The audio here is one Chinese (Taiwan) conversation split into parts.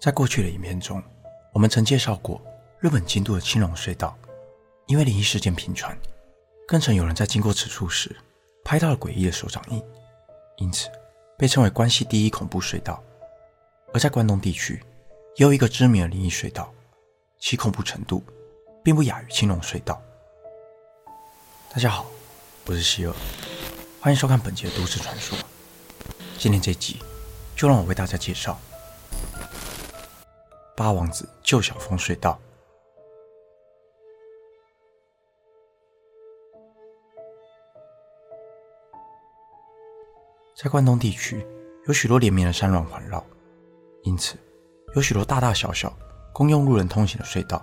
在過去的影片中，我們曾介紹過日本京都的清瀧隧道，因為靈異事件頻傳，更曾有人在經過此處時拍到了詭異的手掌印，因此被稱為關西第一恐怖隧道。而在關東地區，也有一個知名的靈異隧道，其恐怖程度並不亞於清瀧隧道。大家好，我是希爾，歡迎收看本節都市傳說。今天這一集，就讓我為大家介紹。八王子舊小峰隧道。在關東地區有許多連綿的山巒環繞，因此有許多大大小小、公用路人通行的隧道。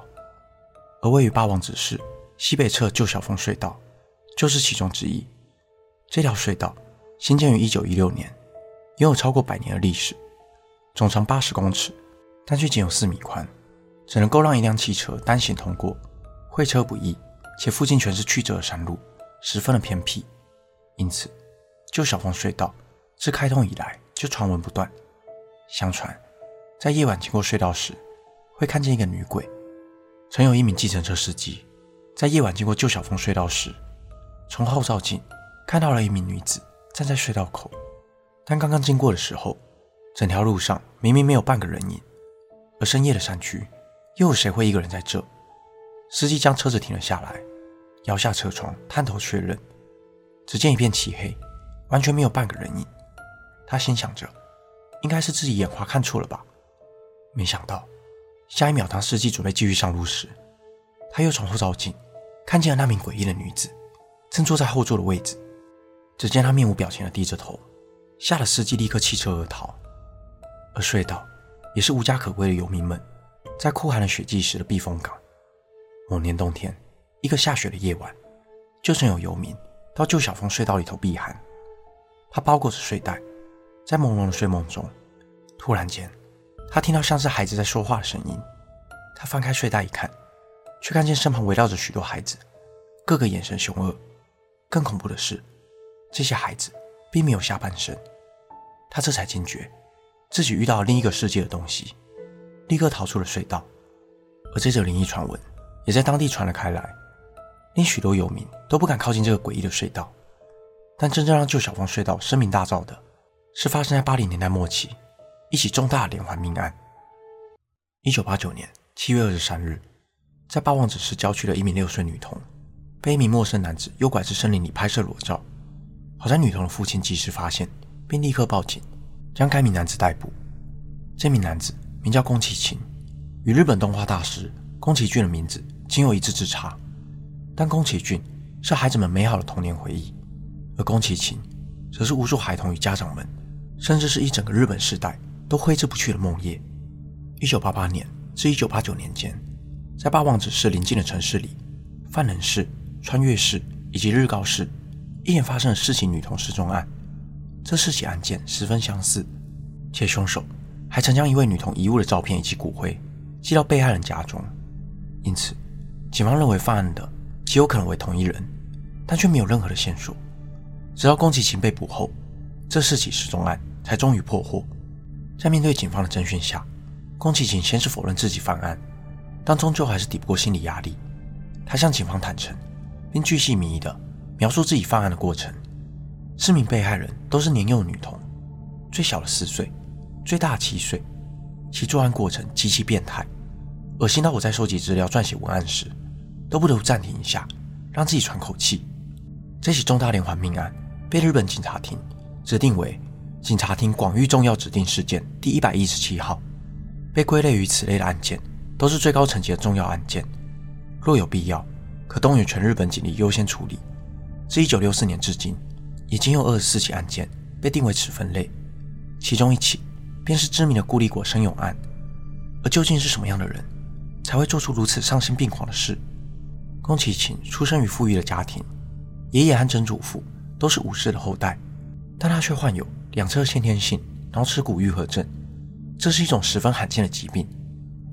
而位於八王子市西北側舊小峰隧道就是其中之一。這條隧道興建於一九一六年，擁有超過百年的歷史，總長八十公尺。但卻僅有四米寬，只能夠讓一輛汽車單行通過，會車不易，且附近全是曲折的山路，十分的偏僻。因此，舊小峰隧道自開通以來就傳聞不斷。相傳，在夜晚經過隧道時，會看見一個女鬼。曾有一名計程車司機在夜晚經過舊小峰隧道時，從後照鏡看到了一名女子站在隧道口，但剛剛經過的時候，整條路上明明沒有半個人影。而深夜的山區，又有誰會一個人在這？司機將車子停了下來，搖下車窗，探頭確認，只見一片漆黑，完全沒有半個人影。他心想着，應該是自己眼花看錯了吧。沒想到，下一秒，當司機準備繼續上路時，他又從後照鏡看見了那名詭異的女子，正坐在後座的位置。只見她面無表情地低着頭，嚇得司機立刻棄車而逃。而隧道。也是無家可歸的游民們，在酷寒的雪季時的避風港。某年冬天，一個下雪的夜晚，就曾有游民到舊小峰隧道裡頭避寒。他包裹着睡袋，在朦朧的睡夢中，突然間，他聽到像是孩子在說話的聲音。他翻開睡袋一看，卻看見身旁圍繞着許多孩子，個個眼神凶惡。更恐怖的是，這些孩子並沒有下半身。他這才驚覺。自己遇到了另一個世界的東西，立刻逃出了隧道。而這則靈異傳聞也在當地傳了開來，令許多遊民都不敢靠近這個詭異的隧道。但真正讓舊小峰隧道聲名大噪的，是發生在八零年代末期一起重大的連環命案。一九八九年七月二十三日，在八王子市郊區的一名六歲女童，被一名陌生男子誘拐至森林裡拍攝裸照。好在女童的父親及時發現，並立刻報警。將該名男子逮捕。這名男子名叫宮崎勤，與日本動畫大師宮崎駿的名字僅有一字之差。但宮崎駿是孩子們美好的童年回憶，而宮崎勤則是無數孩童與家長們，甚至是一整個日本世代都揮之不去的夢魘。一九八八年至一九八九年間，在八王子市臨近的城市裡，飯能市、川越市以及日高市，一連發生了四起女童失蹤案。這四起案件十分相似，且兇手還曾將一位女童遺物的照片以及骨灰寄到被害人家中，因此警方認為犯案的極有可能為同一人，但卻沒有任何的線索。直到宮崎勤被捕後，這四起失蹤案才終於破獲。在面對警方的偵訊下，宮崎勤先是否認自己犯案，但終究還是抵不過心理壓力，他向警方坦誠，並鉅細靡遺的描述自己犯案的過程。四名被害人都是年幼女童，最小的四歲，最大七歲。其作案過程極其變態，惡心到我在收集資料、撰寫文案時，都不得不暫停一下，讓自己喘口氣。這起重大連環命案被日本警察廳指定為警察廳廣域重要指定事件第一百一十七號，被歸類於此類的案件都是最高層級的重要案件，若有必要，可動員全日本警力優先處理。自一九六四年至今，已經有二十四起案件被定為此分類，其中一起便是知名的“孤立果生永案”。而究竟是什麼樣的人，才會做出如此喪心病狂的事？宮崎勤出生於富裕的家庭，爺爺和曾祖父都是武士的後代，但他卻患有兩側先天性橈尺骨癒合症，這是一種十分罕見的疾病，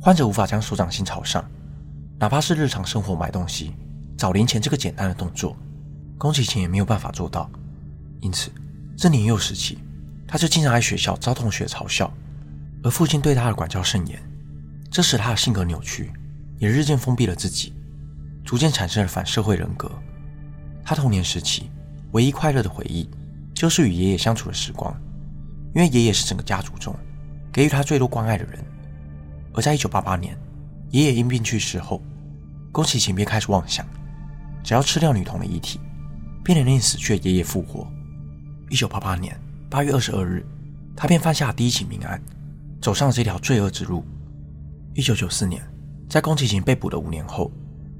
患者無法將手掌心朝上，哪怕是日常生活買東西、找零錢這個簡單的動作，宮崎勤也沒有辦法做到。因此，在年幼時期，他就經常在學校遭同學嘲笑，而父親對他的管教甚嚴，這使他的性格扭曲，也日漸封閉了自己，逐漸產生了反社會人格。他童年時期唯一快樂的回憶，就是與爺爺相處的時光，因為爺爺是整個家族中給予他最多關愛的人。而在1988年，爺爺因病去世後，宮崎勤便開始妄想，只要吃掉女童的遺體，便能令死去的爺爺復活。一九八八年八月二十二日，他便犯下了第一起命案，走上了這條罪惡之路。一九九四年，在宮崎勤被捕的五年後，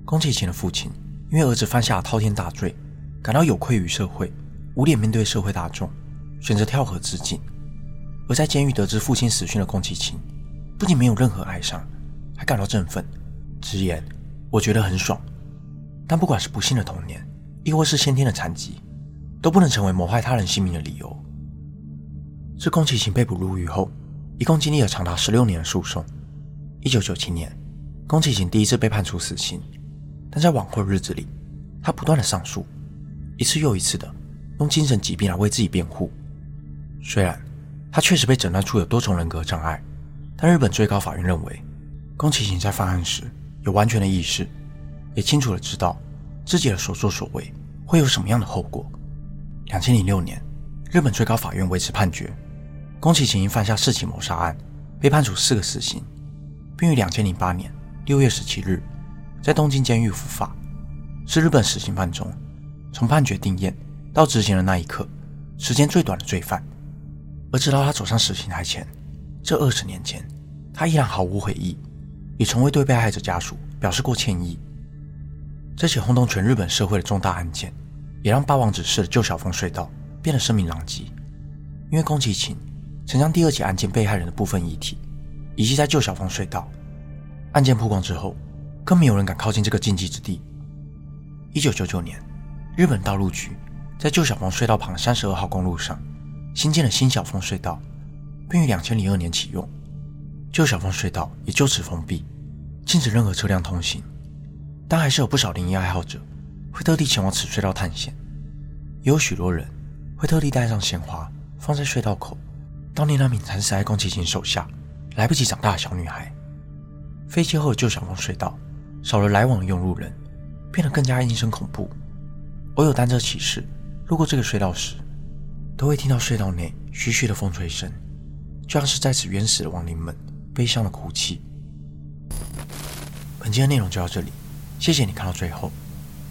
宮崎勤的父親因為兒子犯下了滔天大罪，感到有愧於社會，無臉面對社會大眾，選擇跳河自盡。而在監獄得知父親死訊的宮崎勤，不僅沒有任何哀傷，還感到振奮，直言：“我覺得很爽。”但不管是不幸的童年，亦或是先天的殘疾，都不能成為謀害他人性命的理由。是宮崎勤被捕入獄後，一共經歷了長達十六年的訴訟。一九九七年，宮崎勤第一次被判處死刑，但在往後日子裡，他不斷的上訴，一次又一次的用精神疾病來為自己辯護。雖然他確實被診斷出有多重人格障礙，但日本最高法院認為，宮崎勤在犯案時有完全的意識，也清楚的知道自己的所作所為會有什麼樣的後果。兩千零六年，日本最高法院維持判決，宮崎勤因犯下四起謀殺案，被判處四個死刑，並於兩千零八年六月十七日，在東京監獄伏法，是日本死刑犯中，從判決定讞到執行的那一刻，時間最短的罪犯。而直到他走上死刑台前，這二十年間，他依然毫無悔意，也從未對被害者家屬表示過歉意。這起轟動全日本社會的重大案件，也讓八王子市的舊小峰隧道，變得聲名狼藉。因為宮崎勤曾將第二起案件被害人的部分遺體，遺棄在舊小峰隧道。案件曝光之後，更沒有人敢靠近這個禁忌之地。一九九九年，日本道路局在舊小峰隧道旁的三十二號公路上，新建了新小峰隧道，並於二千零二年啟用。舊小峰隧道也就此封閉，禁止任何車輛通行。但還是有不少靈異愛好者，會特地前往此隧道探險，也有許多人會特地帶上鮮花放在隧道口，當年那名慘死在宮崎勤手下來不及長大的小女孩。廢棄後的舊小峰隧道少了來往的用路人，變得更加陰森恐怖。偶有單車騎士路過這個隧道時，都會聽到隧道內徐徐的風吹聲，就像是在此冤死的亡靈們悲傷的哭泣。本期的內容就到這裡，謝謝你看到最後。